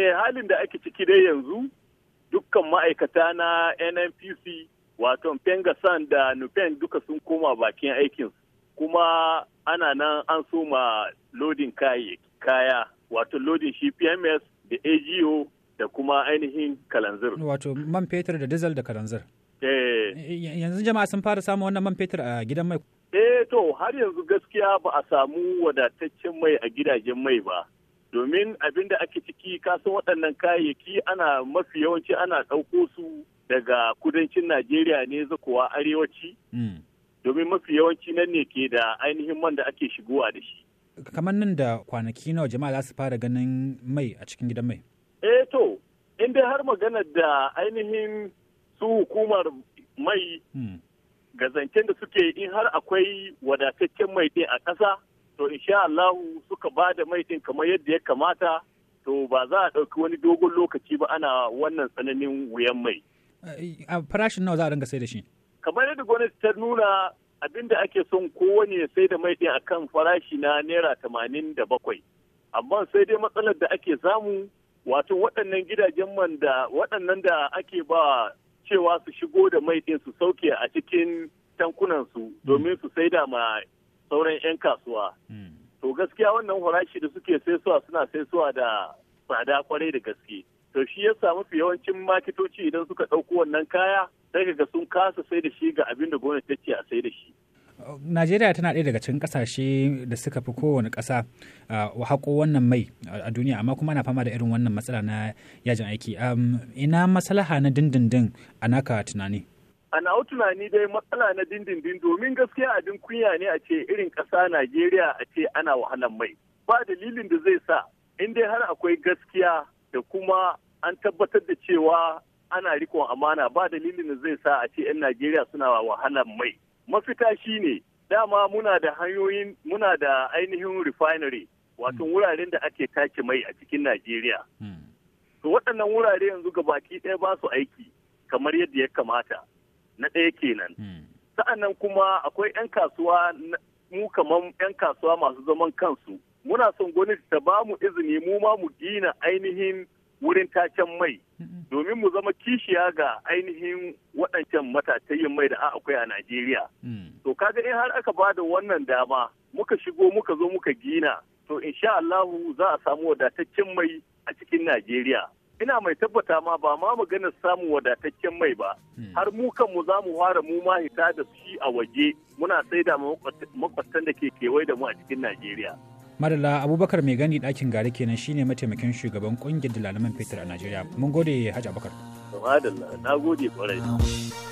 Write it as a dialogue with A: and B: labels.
A: Eh halin da ake ciki dai yanzu dukkan ma'aikata na NNPC wato Pengasan da Nupen duka sun koma bakin aikin kuma ana nan an soma lodin kaya wato lodin shi PMS
B: da AGO da kuma ainihin kalanzir. Wato man fetur da dizal da kalanzir. Eh. Yanzu jama'a sun fara samun wannan man fetur a gidan mai. Eh to har yanzu
A: gaskiya ba a samu wadataccen mai a gidajen mai ba. domin abin da ake ciki kasan waɗannan kayayyaki ana mafi yawanci ana ɗauko su daga kudancin najeriya ne zakowa arewaci hmm. domin mafi yawanci nan ne ke da ainihin man da ake shigowa da shi
B: kamar nan da kwanaki nawa jama'a za su fara ganin mai a cikin gidan mai
A: eh to in dai har magana da ainihin su hukumar mai hmm. ga zancen da suke in har akwai wadataccen mai ɗin a ƙasa to insha Allah suka ba da maitin kamar yadda ya kamata to ba za a ɗauki wani dogon lokaci ba ana wannan tsananin wuyan mai.
B: A farashin nawa za a dinga sai da shi?
A: Kamar yadda gwamnati ta nuna abinda ake son kowane ya sai da mai ɗin akan farashi na naira tamanin da bakwai. Amma sai dai matsalar da ake samu wato waɗannan gidajen man da waɗannan da ake ba cewa su shigo da mai su sauke a cikin tankunan su mm. domin su sai da ma sauran 'yan kasuwa. Hmm. To gaskiya wannan farashi da suke saisuwa suna saisuwa da tsada kwarai da gaske. To shi ya samu fi yawancin makitoci idan suka ɗauko wannan kaya sai ga sun kasa sai da shi ga abin da gwamnati ta ce a sai da shi.
B: Najeriya tana ɗaya daga cikin ƙasashe da suka fi kowane ƙasa ah, haƙo wannan mai a duniya amma kuma na fama da irin wannan matsala na yajin aiki. Ina maslaha na dindindin a naka tunani?
A: Ana au tunani dai matsala na dindindin domin gaskiya abin kunya ne a ce irin ƙasa najeriya a ce ana wahalan mai ba dalilin da zai sa in dai har akwai gaskiya da kuma an tabbatar da cewa ana rikon amana ba dalilin da zai sa a ce 'yan najeriya suna wahalan mai mafita shi ne, dama muna da hanyoyin muna da ainihin refinery wato hmm. wuraren da ake tace mai a cikin Najeriya. Hmm. To waɗannan wurare yanzu ga baki ɗaya ba su aiki kamar yadda ya kamata. na ɗaya kenan hmm. sa'annan kuma akwai 'yan kasuwa mu kamar 'yan kasuwa masu zaman kansu muna son gwamnati ta ba mu izini mu ma mu gina ainihin wurin tacen mai hmm. domin mu zama kishiya ga ainihin waɗancan matatayin mai da a akwai a Najeriya. Hmm. To kaga in har aka bada wannan dama muka shigo muka zo muka gina to insha Allahu za a samu wadataccen mai a cikin Najeriya. ina mai tabbata ma ba ma maganar samun wadataccen mai ba hmm. har mu kanmu za mu fara mu ma hita da shi a waje muna saida makwastan da ke kewaye da mu a cikin najeriya
B: madalla abubakar mai gani ɗakin gari kenan shine mataimakin shugaban kungiyar dalaman fetur a najeriya mun gode hajji abubakar
A: madalla na gode kwarai